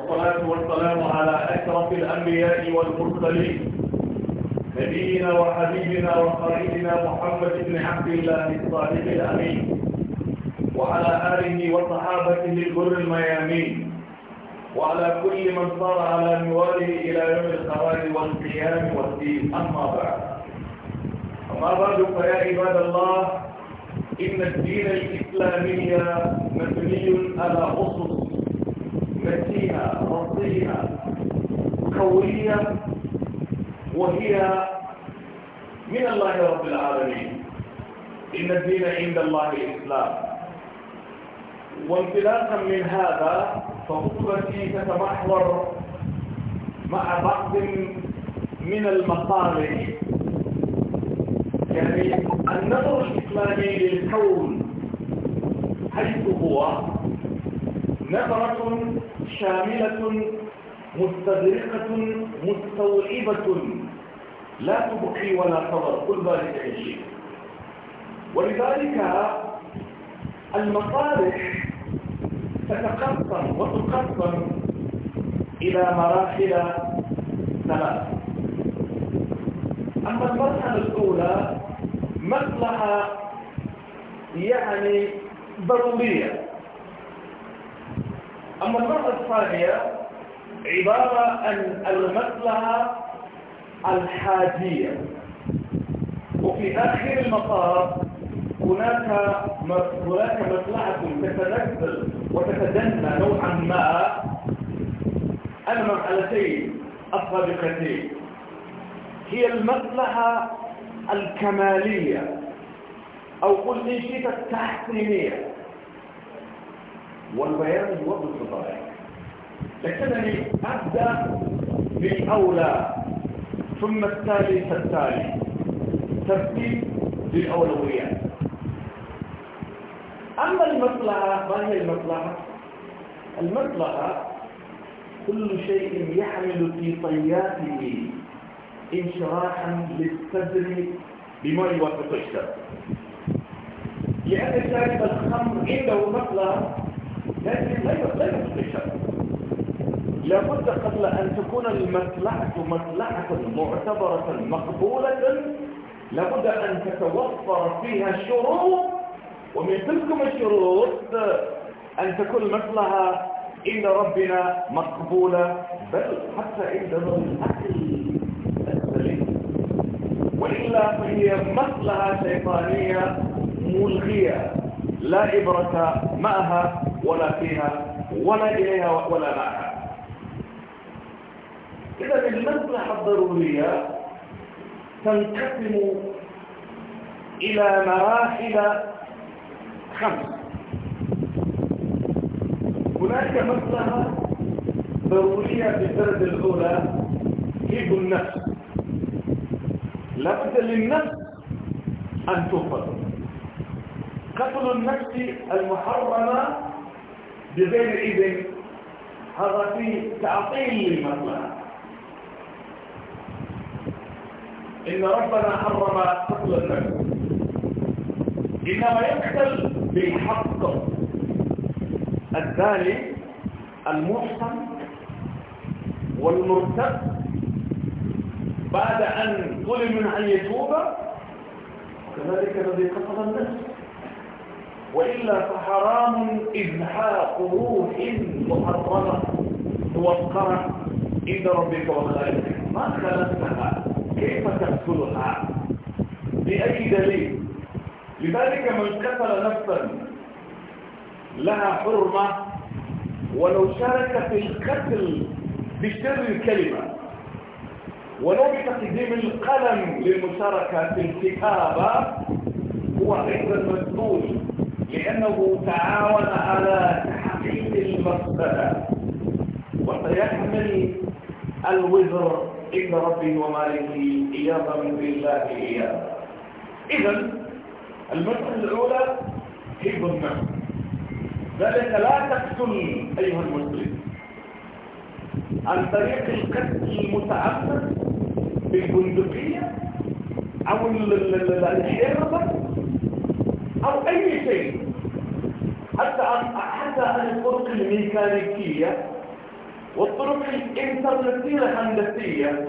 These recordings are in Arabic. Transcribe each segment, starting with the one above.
والصلاة والسلام على أشرف الأنبياء والمرسلين نبينا وحبيبنا وخليلنا محمد بن عبد الله الصادق الأمين وعلى آله وصحابته الغر الميامين وعلى كل من صار على نواله إلى يوم القرار والقيام والدين أما بعد أما بعد فيا عباد الله إن الدين الإسلامي مبني على أصول ذكية رضية قوية وهي من الله رب العالمين إن الدين عند الله الإسلام وانطلاقا من هذا فخطبتي تتمحور مع بعض من المقالب يعني النظر الإسلامي للكون حيث هو نظرة شاملة مستدركة مستوعبة لا تبقي ولا تضر كل ذلك من ولذلك المصالح تتقسم وتقسم إلى مراحل ثلاث أما المرحلة الأولى مصلحة يعني ضرورية أما المرأة الثانية عبارة عن المصلحة الحادية وفي آخر المطاف هناك هناك مصلحة تتنزل وتتدنى نوعا ما المرحلتين السابقتين هي المصلحة الكمالية أو قل إن شئت التحسينية والبيان هو الخطايا لكنني أبدأ بالأولى ثم التالي فالتالي ترتيب للأولويات أما المصلحة ما هي المصلحة؟ المصلحة كل شيء يحمل في طياته انشراحا للصدر بما يوافق الشر يعني لأن شارب الخمر عنده مصلحة لكن لا يصلح الشرع لابد قبل أن تكون المصلحة مصلحة معتبرة مقبولة لابد أن تتوفر فيها شروط ومن تلكم الشروط أن تكون مثلها عند ربنا مقبولة بل حتى عند الأكل السليم وإلا فهي مصلحة شيطانية ملغية لا عبرة معها ولا فيها ولا إليها ولا معها إذا المصلحة الضرورية تنقسم إلى مراحل خمس هناك مصلحة ضرورية في الدرجة الأولى حب النفس لابد للنفس أن تقتل قتل النفس المحرمة بغير إذن هذا فيه تعطيل للمصلحة إن ربنا حرم قتل النفس إنما يقتل بالحق الثاني المحسن والمرتد بعد أن ظلم أن يتوب كذلك الذي قتل النفس وإلا فحرام إزحاق روح محرمة موقرة عند ربك وخالقك ما خلقتها كيف تقتلها بأي دليل لذلك من قتل نفسا لها حرمة ولو شارك في القتل بشر الكلمة ولو بتقديم القلم للمشاركة في الكتابة هو غير المسؤول لأنه تعاون على تحقيق المصدر وسيحمل الوزر عند ربي ومالكي إياظا من الله إياظا إذا المسألة الأولى هي النعم ذلك لا تقتل أيها المسلم عن طريق القتل المتعمد بالبندقية أو الحربة أو أي شيء حتى حتى الطرق الميكانيكية والطرق الإنترنتية الهندسية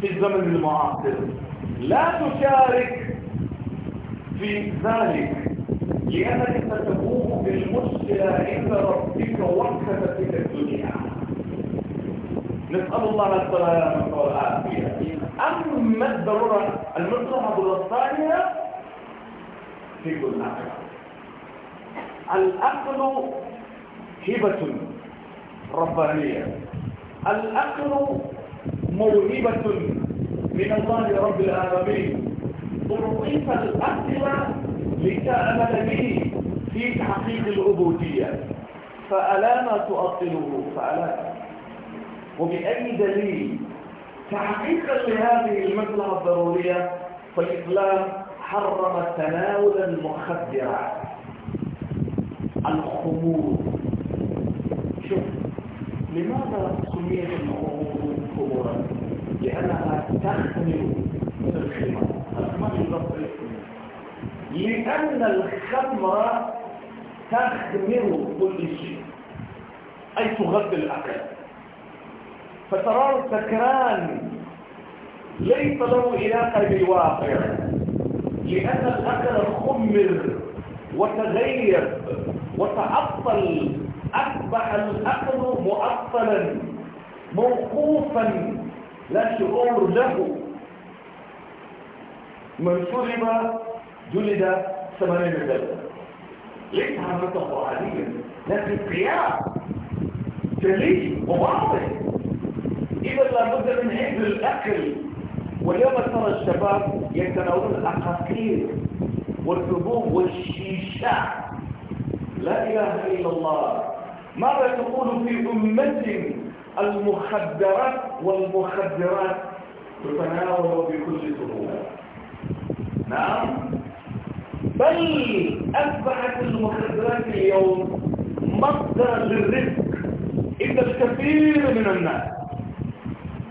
في الزمن المعاصر لا تشارك في ذلك لأنك ستقوم بالمشكلة عند ربك وحدتك الدنيا نسأل الله السلامة والعافية أما الضرورة المصلحة الثانية في كل أحد العقل هبة ربانية العقل موهبة من الله رب العالمين أعطيت الأقل لتأمل به في تحقيق العبودية فألا ما تؤطله فألا وبأي دليل تحقيقا لهذه المصلحة الضرورية فالإسلام حرم تناول المخدرات الخمور شوف لماذا سميت الخمور خمورا؟ لأنها تخمر من الخمر الخمر يضبط لأن الخمر تخمر كل شيء أي تغذي الأكل فتراه سكران ليس له علاقة بالواقع لأن الأكل خمر وتغير وتعطل أصبح الأقل معطلا موقوفا لا شعور له من شرب جلد ثمانين جلد ليس هذا قرآنيا لكن قياس جلي وواضح إذا لابد من حفظ الأكل واليوم ترى الشباب يتناولون العقاقير والذبوب والشيشات لا إله إلا الله ماذا تقول في أمة المخدرات والمخدرات تتناول بكل سهولة نعم بل أصبحت المخدرات اليوم مصدر للرزق عند الكثير من الناس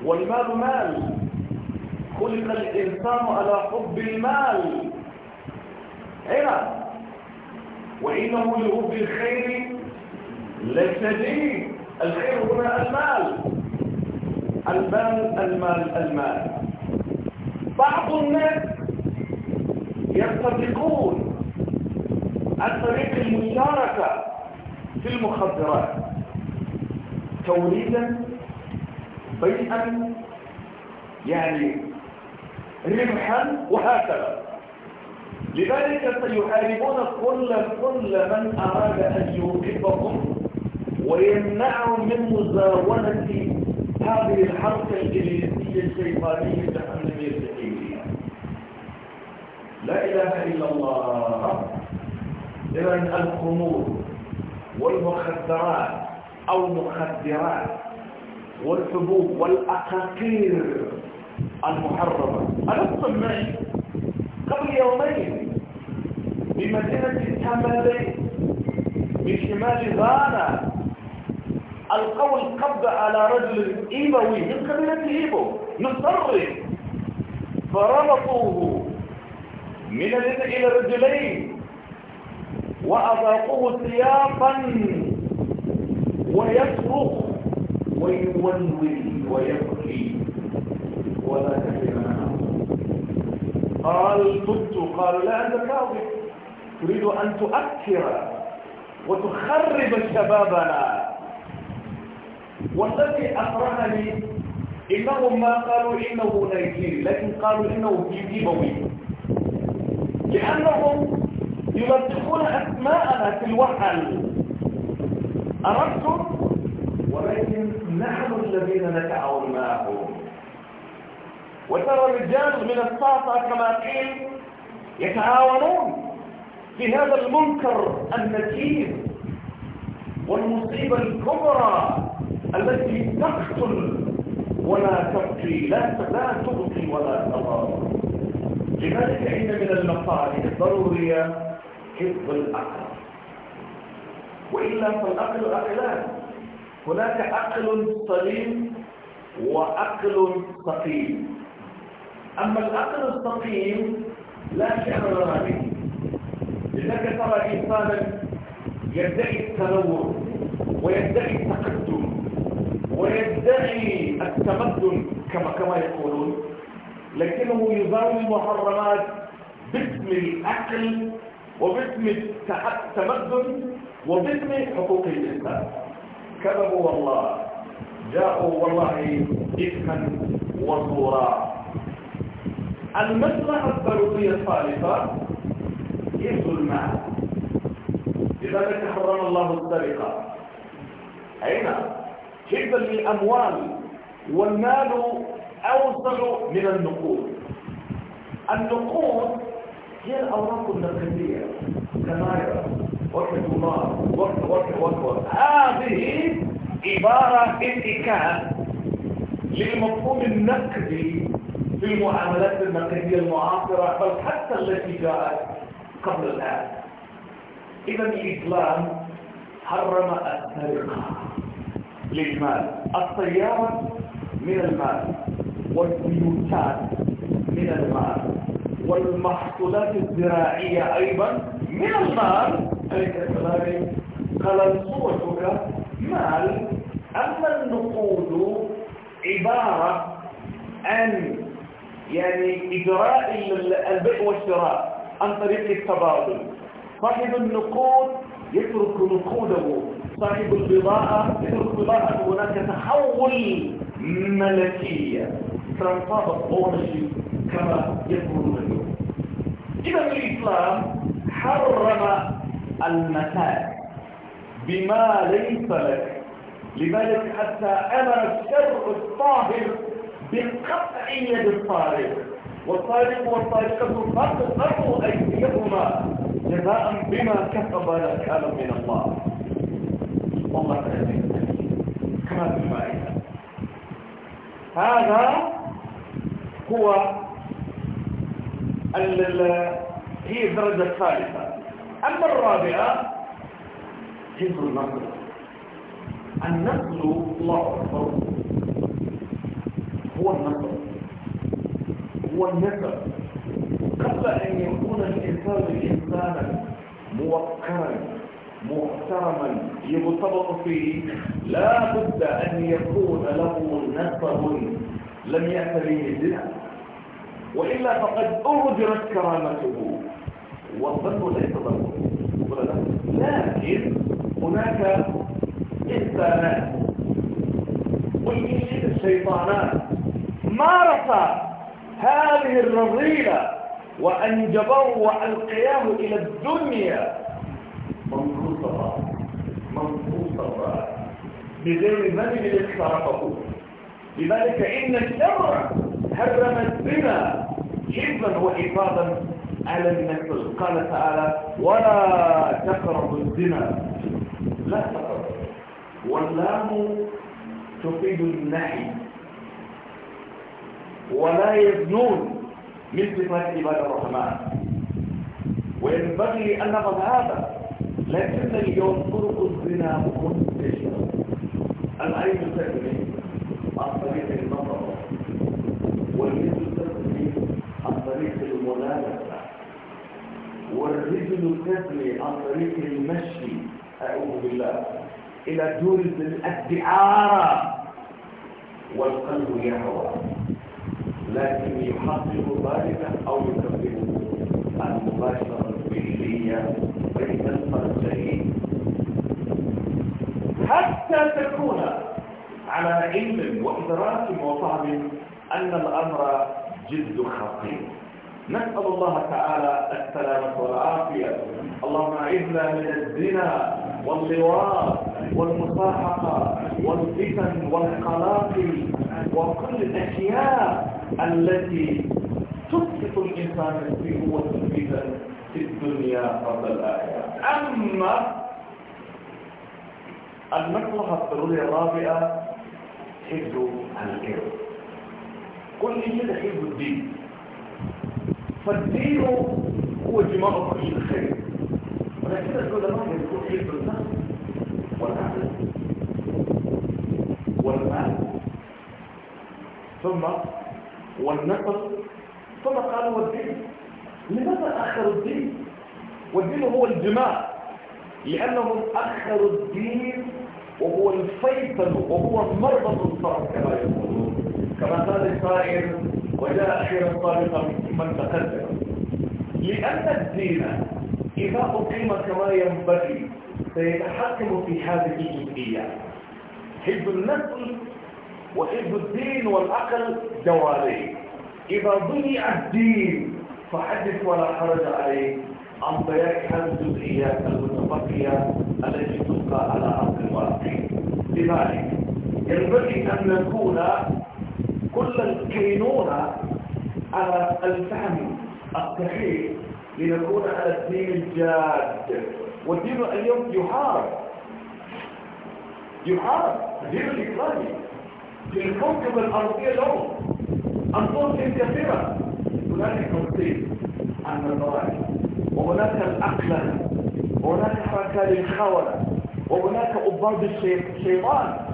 والمال مال خلق الإنسان على حب المال هنا وإنه لرب الخير لشديد الخير هنا المال المال المال المال بعض الناس يرتبطون عن طريق المشاركة في المخدرات توليدا بيئا يعني ربحا وهكذا لذلك سيحاربون كل كل من أراد أن يوقفهم ويمنعهم من مزاولة هذه الحركة الإنجليزية الشيطانية التحملية التحيلية لا إله إلا الله إذا الخمور والمخدرات أو مخدرات والحبوب والأقاقير المحرمة ألستم معي قبل يومين بمدينة الحمدين بشمال غانا القول قبض على رجل إيبوي من قبيلة إيبو مصر فربطوه من اليد إلى الرجلين وأذاقوه سياقا ويصرخ ويولول ويبكي ولا كلمة قال تبت قال لا أنت كاظم تريد أن تؤثر وتخرب شبابنا والذي أقرأني إنهم ما قالوا إنه نيجيري لكن قالوا إنه جيبوي لأنهم يلتقون أسماءنا في الوحل أردتم ولكن نحن الذين نتعاون معهم وترى الرجال من الساطة كما قيل يتعاونون بهذا المنكر النكير والمصيبة الكبرى التي تقتل ولا تبقي لا تبقي ولا تضار لذلك إن من المصالح الضرورية حفظ الأقل وإلا فالأقل أقلان هناك عقل سليم وعقل ثقيل أما العقل الثقيل لا شعر به لذلك ترى إنسانا يدعي التنور ويدعي التقدم ويدعي التمدن كما كما يقولون لكنه يزاول المحرمات باسم الأكل وباسم التمدن وباسم حقوق الإنسان كذبوا والله جاءوا والله إفكا وصورا المسرح الثالثية الثالثة يجيب المال لذلك حرم الله السرقة أين؟ حفظا للأموال والمال أوسع من النقود النقود هي الأوراق النقدية كمايرا وكد الله وكد وكد وكد هذه عبارة انتكاء للمفهوم النقدي في المعاملات النقدية المعاصرة بل حتى التي جاءت قبل الآن إذا الإسلام حرم السرقة للمال الطيارة من المال والبيوتات من المال والمحصولات الزراعية أيضا من المال أي كذلك قلنصوتك مال أما النقود عبارة عن يعني إجراء البيع والشراء عن طريق التبادل صاحب النقود يترك نقوده صاحب البضاعة يترك بضاعته هناك تحول ملكية transfer of كما يقولون اليوم إذا الإسلام حرم المتاع بما ليس لك لذلك حتى أمر الشرع الطاهر بقطع يد الطارق والطالب والطالقة فرقوا أيديهما جزاء بما كسب نكالا من الله والله تعالى كما في هذا هو هي الدرجة الثالثة أما الرابعة حفظ النقل النقل الله أكبر هو النقل والنسب قبل أن يكون الإنسان إنسانا موقرا محترما يرتبط فيه لا بد أن يكون له نسب لم به الزنا وإلا فقد أرجرت كرامته والظن ليس ضرورا لكن هناك إنسانات والشيطانات الشيطانات مارس هذه وأن وأنجبه وألقياه إلى الدنيا منقوص الرأس بغير ذنب اقترفه لذلك إن الشرع هرم الزنا حفظا وحفاظا على النسل قال تعالى ولا تقربوا الزنا لا تقربوا واللام تفيد النهي ولا يبنون من صفات عباد الرحمن وينبغي أن نفض هذا لكن اليوم طرق الزنا مكتشفة العين تسمي عن طريق النظر واليد تسمي عن طريق الملامسة والرجل تسمي عن طريق المشي أعوذ بالله إلى دور الادعاء والقلب يهوى لكن يحقق ذلك أو يكفر المباشرة الفعلية بين الفرسين حتى تكون على علم وإدراك وفهم أن الأمر جد خطير نسأل الله تعالى السلامة والعافية اللهم أعذنا من الزنا واللواط والمصاحقة والفتن والقلاقل وكل الأشياء التي تسقط الإنسان في قوة الفتن في الدنيا قبل الآخرة أما المصلحة الضرورية الرابعة حفظ الإرث كل شيء حفظ الدين فالدين هو جماعة كل الخير ولكن العلماء يذكرون علم النفس والعقل والمال ثم والنقل ثم قالوا والدين لماذا أخر الدين والدين هو الجماع لأنهم أخروا الدين وهو الفيصل وهو مربط الصرف كما يقولون كما قال الشاعر وجاء أخيرا طالقا من تقدم لأن الدين إذا أقيم كما ينبغي سيتحكم في هذه الجزئية حب النسل وحب الدين والعقل جواري إذا ضيع الدين فحدث ولا حرج عليه عن ضياع هذه الجزئيات المتبقية التي تبقى على أرض الواقع لذلك ينبغي أن نكون كل الكينونة على الفهم الصحيح لنكون على الدين الجاد والدين اليوم يحارب يحارب دين الإكرامي في الكوكب الأرضية اليوم أنظر كثيرة هناك تنصيب عن الضرائب وهناك الأقلة وهناك حركة للخولة وهناك أباد الشيطان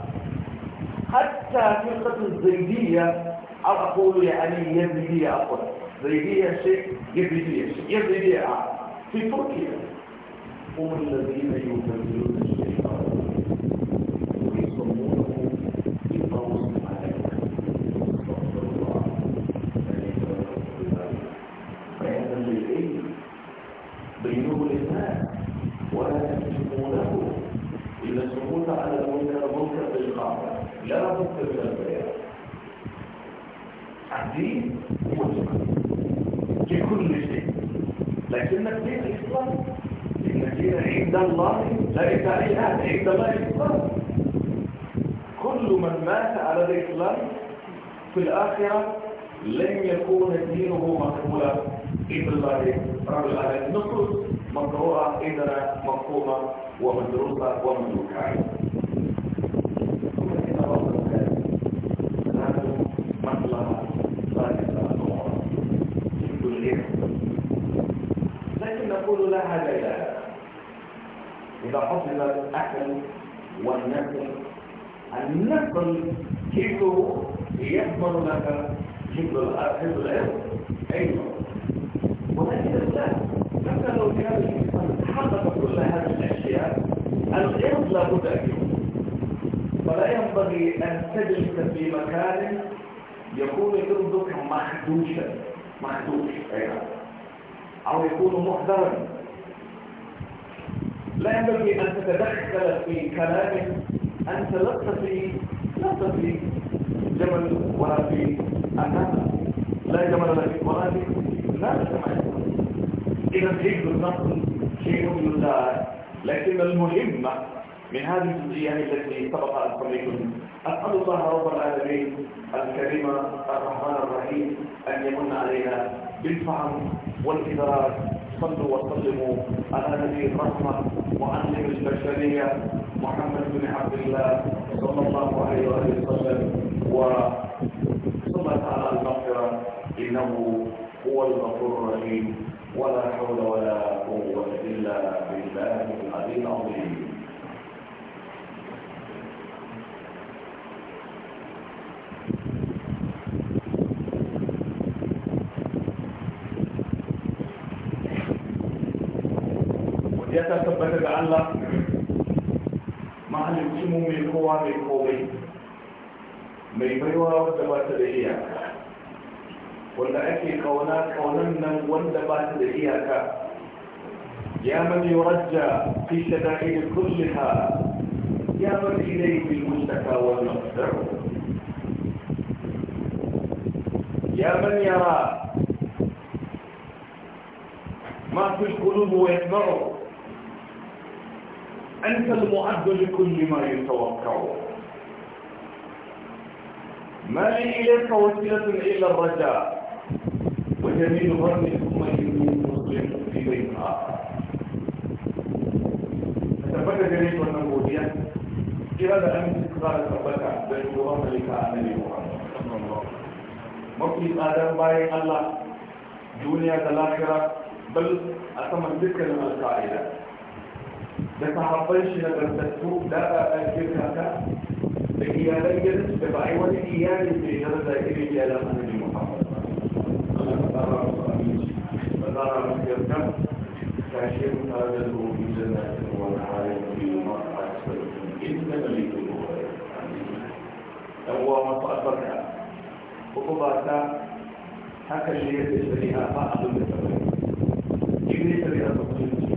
حتى في قصه الزيدية أقول يعني يزيدية أقول زيدية شيء يزيدية شيء يزيدية في تركيا هم الذين يبذلون الشيء لكن المدينة إصلاح المدينة عند الله لا إنت أحد عند الله إصلاح كل من مات على الإسلام في الآخرة لن يكون دينه مقبولا إذن الله رب العالمين نقص مقروءة إذن مفهومة ومدروسة ومدروسة إذا حصل الأكل والنقل النقل كله يحضر لك حفظ الأرض أيضا أيوة. ولكن لا حتى لو كان الإنسان حقق كل هذه الأشياء العلم لابد أن فلا ينبغي أن تجلس في مكان يكون غيظك مخدوشا مخدوش أيضا أيوة. أو يكون محضرا لا ينبغي أن تتدخل في كلامك أنت لا تستطيع لا تستطيع جمل ولا في أنام لا جمل لك ولا في لا تسمع إذا حفظ النقل شيء من الله لكن المهمة من هذه الجهة التي سبق أن قبلكم أسأل الله رب العالمين الكريم الرحمن الرحيم أن يمن علينا بالفهم والإدراك صلوا وسلموا على نبي الرحمة معلم البشرية محمد بن عبد الله صلى الله عليه وسلم وصلى على المغفرة إنه هو الغفور الرحيم ولا حول ولا قوة إلا بالله العلي العظيم ga Allah mahalicci mu mai kowa mai komai mai baiwa wadda ba ta da iyaka wanda ake kauna kaunan nan wanda ba ta da iyaka ya man yurajja fi shada'id kulliha ya man ilayhi bil mustaka wal maqdar ya man yara ما في القلوب ويتبعه أنت المعد لكل ما يتوقعه ما لي إليك وسيلة إلا الرجاء وجميل ظني ثم يمين مسلم في بيت آخر أتبقى جريت وأنا مودية إرادة أمس إقرار أتبقى بيت الله لك آمني محمد مكيس آدم باي الله دنيا تلاخرة بل أتمنى ذكر من القاعدة يتحطيش لك التسوق لأ أجبتك هي بيّن بعيون إيان في جنة دائرة إلى لسنة المحافظة فأشير تاجده في جنة والعالم في مرحة إذن مليك الوغير هو مطأفك حكى جيد إسرها فأخذ بسرها جيد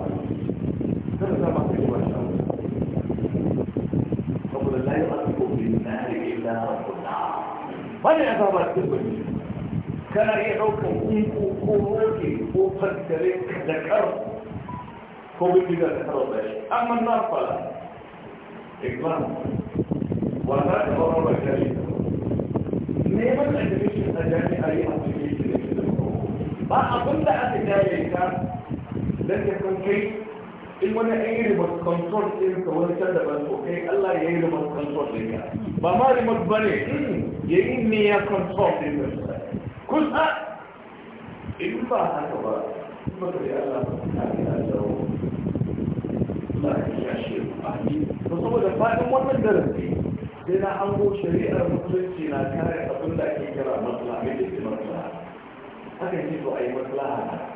wannan ya zama cikin gwani kana iya ɗaukar iko ko roke ko fattare da kar ko bindiga da karo da shi amma na fara iklan wanda ta ba rawar kare da admission a a yi a cikin shi da shi da ba abin da aka jaye ka don ta kai in wani an yi remote control ɗin ka wani can da to kai Allah ya yi remote control ɗin ka ba ma remote ba ne ya yi niya control ɗin ka kusa in ba haka ba kuma ka yi Allah ba ta yi azawo ba ka yi ashe ba to saboda faɗin wannan darasi sai na hango shari'ar musulunci na kare abin da ake kira maslaha mai da ke maslaha haka yi to a yi maslaha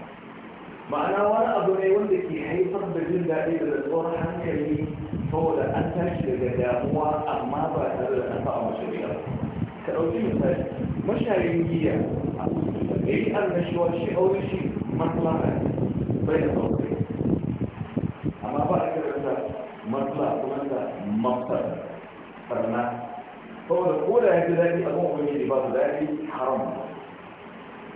ma'ana wani abu ne wanda ke haifar da jin daɗi da rantsuwar hankali saboda an tashi daga damuwa amma ba tare da an fa'a mace ba ka ɗauki misali mashayin giya a kusurta ne yi annashuwa shi aure shi maslaha bai da sauƙi amma ba a kira da maslaha kuma da mafsar barna saboda ko da ya fi daɗi a kan ubangiji ba su daɗi haram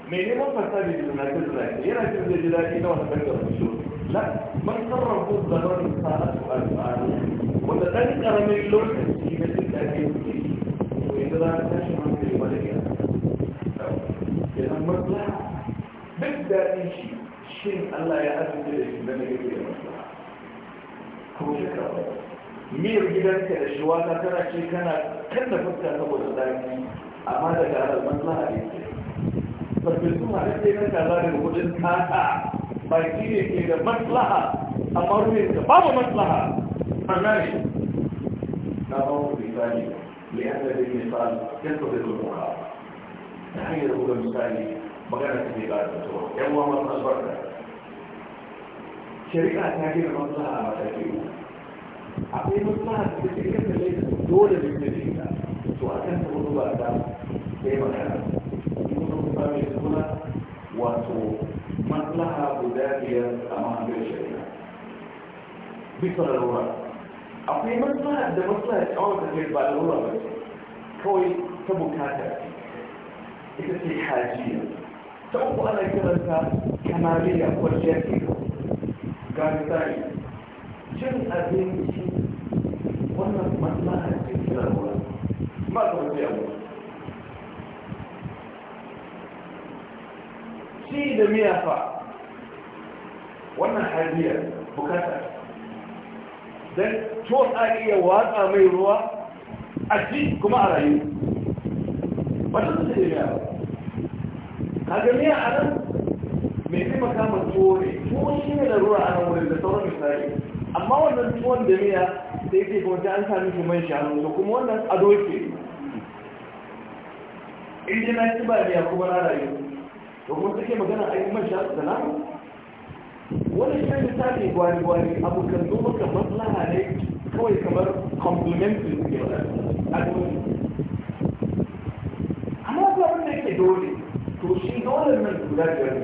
mai neman fasari da zunaki zunaki yana jin zai ji daɗi na wata ɗangar fito la man sarrafa ko zama da sa a su al'adu wanda ɗan ƙaramin lokaci na jin daɗi suke yi ko yanzu za a tashi hankali ba da gina kenan maslaha duk daɗin shi shin Allah ya azuce da shi zama yake da maslaha ko shi kawai miyar gidanka da shiwata tana ce kana kan da fuska saboda daɗi amma daga alal maslaha ne farfesu masu ke nan kaza da wajen kata baki ne ke da maslaha a ruwan da babu maslaha sannan ne na bawon bisani ne an da zai misali yadda zai zo kuma ta hanyar buga misali magana ta ke ba da tsoron yan wa masu albarka shari'a ta gina maslaha a mataki akwai maslaha da ke kasance dole ne ke da ita to a kan ta wani ba ta sai magana ba mai suna wato maslaha guda biyar a mahangar shari'a bisa larura akwai maslaha da maslaha tsawon da kai ba larura ba kawai ta bukata ita ce hajiya ta uku ana kiranta kamariya kwanciyar iko ga misali cin abinci wannan maslaha ce ta larura ba ta wajen yawon ci da miya fa wannan hajiyar bukata don to a iya watsa mai ruwa a ci kuma a rayu ba ta da miya ba kaga miya a nan mai fi ma tuwon tuwon shi ne da ruwa a nan wurin da sauran misali amma wannan tuwon da miya da yake kuma ta an sami shi a shanu da kuma wannan ado ke inda na ci ba miya kuma na rayu domin suke magana a yi man da salamu wani shi ne ta ne gwari-gwari abokan domin ka maslaha ne kawai kamar complimentary suke a dole amma abin da yake dole to shi dole nan guda biyar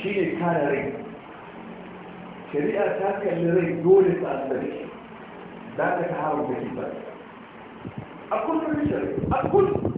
shi ne kare rai shari'a ta kalli rai dole ta asali za ta ta haru da kifar a kullum shari'a a kullum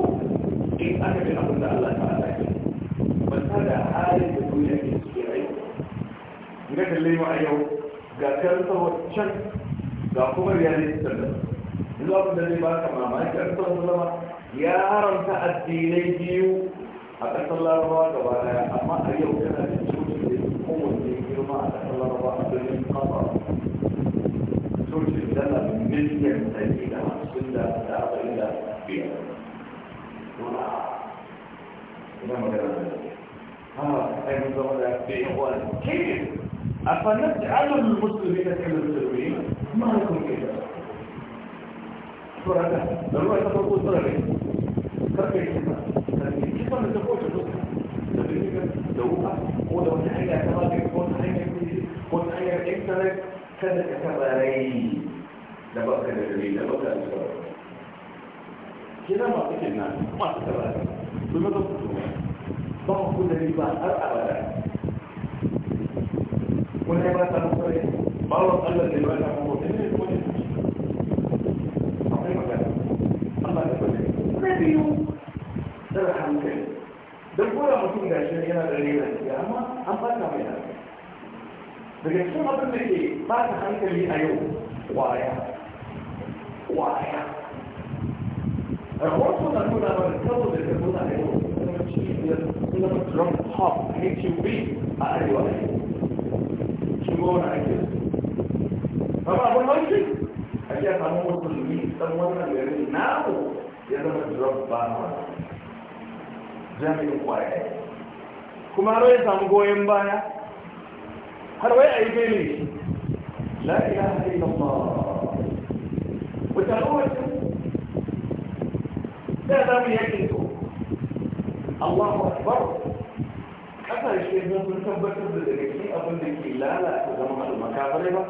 lema a yau ga karsa wancan ga kuma riyalai sallam yanzu abin da zai ba ka mamaki a ƙasar sallama ya haramta addinai biyu a ƙasar larabawa gaba daya amma a yau yana da cocin da kowanne girma a ƙasar larabawa a birnin kafa cocin dala miliyan ɗari da hamsin da da arba'in da biyar ina magana da ha ai mun zama da ɗaya wani kiri أفنجعل المسلمين كالمسلمين ما لكم كذا سورة ده تقول سورة ليه كيف كيف ما تقولش لو ولو حاجة كمان يكون حاجة يكون حاجة إنترنت كذا كباري ده بقى كذا ده بقى كذا ما تكلمنا ما تكلمنا بمدى ضغط كل اللي بقى أرقى بقى مرض قال لك دلوقتي احنا مرتين كل بالقوله ممكن ده عشان هنا تقريبا يا اما هنطلع منها بالجسم قبل ايه بعد خليك لي ايوب وعيا وعيا الخوف من كل ما بتكون بتكون ايوب لما تروح تحط اتش بي ايوه شو هو عايز ba ba abin mashi a iya samu musulmi san wannan gari namu ya zama drug ba jami'in kwaya kuma har ya samu goyon baya har wai a yi bene shi la ilaha illallah wata lokacin da za mu yakin to Allahu akbar ƙasashe sun tabbatar da daga cikin abin da ke lalata zama al-makafare ba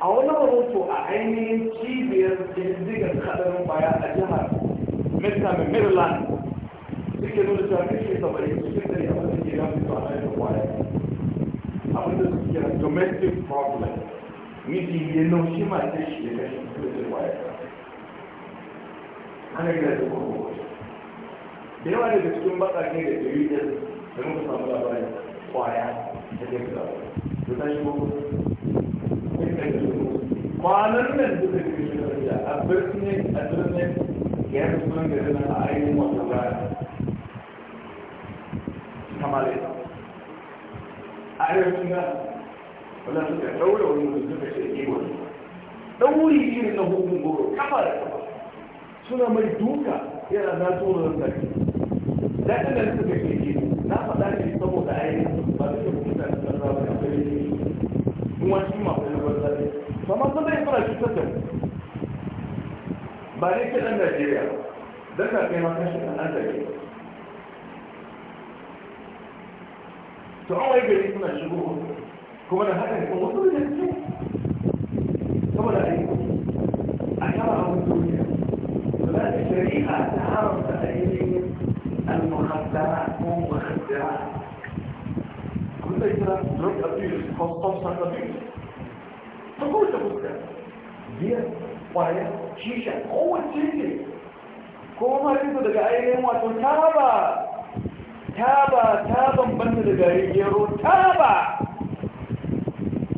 a wani rahoto a ainihin cibiyar jirgin hadarin baya a jihar midtown maryland nuna cewa kashe cikin ke a kwaya abinda su kira domestic problem miji ya shi ya kashe kwaya ana gina da kuma da yawa da cikin ne da jirgin da muka samu labarin kwaya da ke da ta shigo kwanan nan duka ke shi da a birnin a birnin ya fi sunan gari na ainihin wata baya kamar ita a arewacin na wadda suka ɗaura wani mutum suka ce iwo ɗauri irin na hukun goro kafa da kafa suna mai duka yana na tsoron zaki daɗin da suka ce iwo na faɗa الفتن بعدين كده عندنا الجريعة ذكر كما تنشف عن هذا الجريعة تعالى يجري اسمنا الشبوه كما انا هكذا يكون مصر للجريعة كما لا يكون احيانا عن الدنيا ثلاث الجريعة تعرف تأيين المخدرات ومخدرات كنت يترى ترك أبيل خصوصا أبيل فقلت أبوك biyar kwayar shisha kowace ne ko marinsu daga ainihin wato taba taba ta bambanta daga gero taba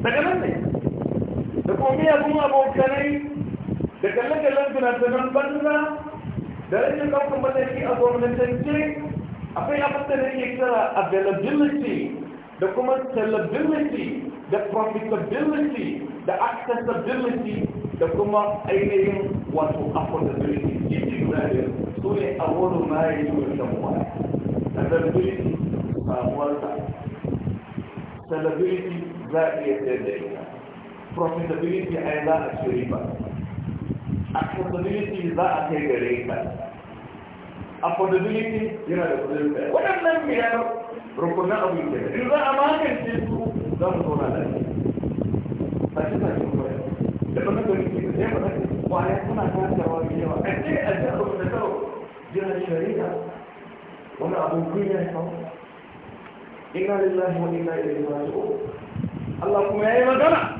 daga nan ne da komiya kuma abokanai da kalle-kallen finafinan banza da rashin ɗaukar mataki a gwamnatance akwai abin da nake kira availability da kuma sellability da profitability da accessibility da kuma ainihin wato affordability ji guda biyar su ne a wani maye yi wa shamuwa samuwar samuwarsa salability za a iya tsaye da ita profitability yi za a ce riba accessibility za a kai gare ka affordability yana da kudin sayar waɗannan biyar rukunan abin da in za a magance su za mu zo na da أحسنت وجيلا أكيد أدخل التسوق جهة الشريعة وما أبو كل يحفظ إنا لله وإنا إليه راجعون اللهم يا إيمان جمع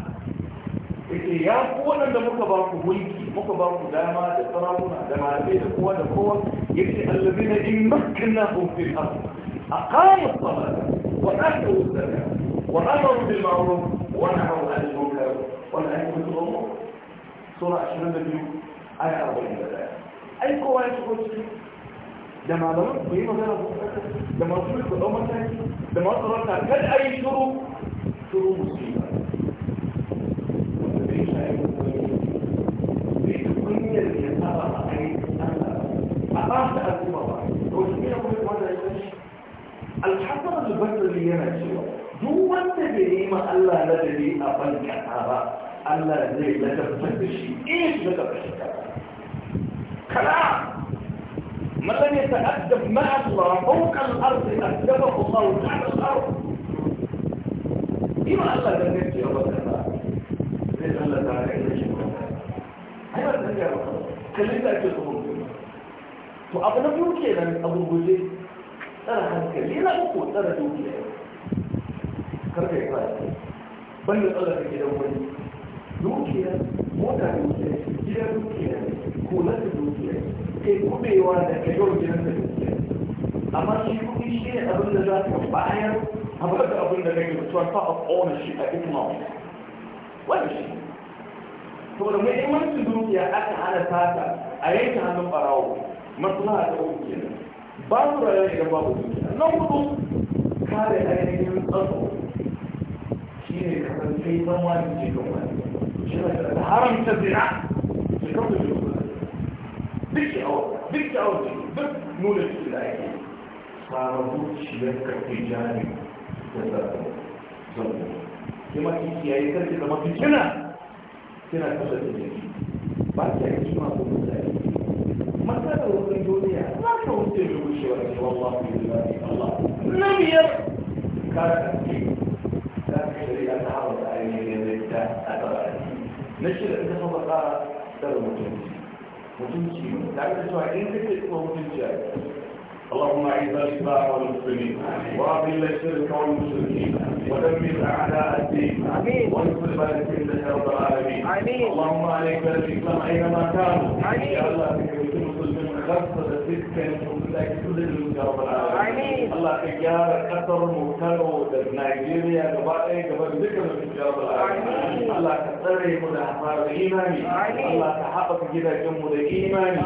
yake ya ku waɗanda muka ba ku mulki muka ba ku dama da sarakuna da malamai da kowa da kowa yake allazi na in makkana hum fil ard aqamu as-salata wa atu az-zakata wa amaru bil ma'ruf wa nahaw 'anil munkar wa la yakunu sura 22 aya arba'in da daya ai kowa ya shigo ciki da malaman ku yi magana ku da masu yi kuɗin mataki da masu ranta kan a yi shuru shuru musulma bai ya saba a a ta ba shi alhassan al yana cewa duk wanda da yi ma Allah ladabi a banka ba Allah zai ladabtar da shi eh shi ladabtar da shi كلام من يتأدب مع الله فوق الأرض أدبه الله تحت الأرض إما الله جنبت يا وكذا ليس الله تعالى إلا شيء أيها الأنبياء كلمة أجلهم فأبنى بيوكي لن أبو بيوكي يعني ترى هنك ليلة أقول ترى بيوكي كيف يقول بل الله كده ولي بيوكي موتا cewa da ka yau da amma shi shi ne abin da za ka bayar a bar da abin da kake da transfer of shi a in law wani shi to da muhimmancin dukiya aka hana sata, a yanke hannun barawo maslaha ta uku kenan babu rayuwa ba babu dukiya na hudu kare ainihin tsaro shi ne kasance zama da cikin wani shi ne da haramta zina cikin da duk yawon duk yawon duk nuna su da ake fara zuciyar karfi jami da zaɓa zaɓa kuma kiki yayi karfi zama fitina kina kusa da jiki ba ta yi kima ko mutane matsalar wajen duniya za ka wuce da wucewa ne wallah fi lillahi allah na biyar kara karfi za ka shari'a ta hawa da ainihin yadda ta a tsara na shida ita kuma tsara tsara mutum mutunci da ake cewa in kake kuma mutunci a اللهم اعز الاسلام والمسلمين واذل الشرك والمشركين ودمر اعداء الدين وانصر بارك انك رب العالمين اللهم عليك بالاسلام اينما كانوا يا الله karfa da dukkan cuta kullum ga Allah ka gyara kasar mu da Najeriya gaba ɗaya gaba da dukkan mutum Allah ka tsare mu da da imani Allah ka haɓaka gidajen mu da imani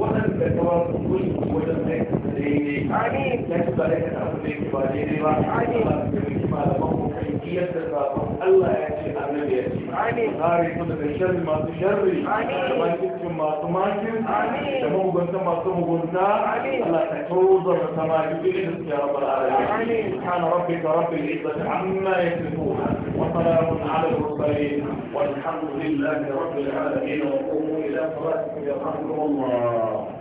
waɗanda ka ba su wajen daidai ya ci ba da kan abin da yake ba daidai ba Allah ya taimaki malaman mu kan iyar da sabon Allah ya ce annabi ya ce kare su daga sharri masu sharri da makircin masu makir da mugunta masu mugunta Allah ka tozar da samari ilin da suke rabar alaƙa سبحان ربك رب العزة عما يصفون وسلام على المرسلين والحمد لله رب العالمين وقوموا إلى صلاتكم يرحمكم الله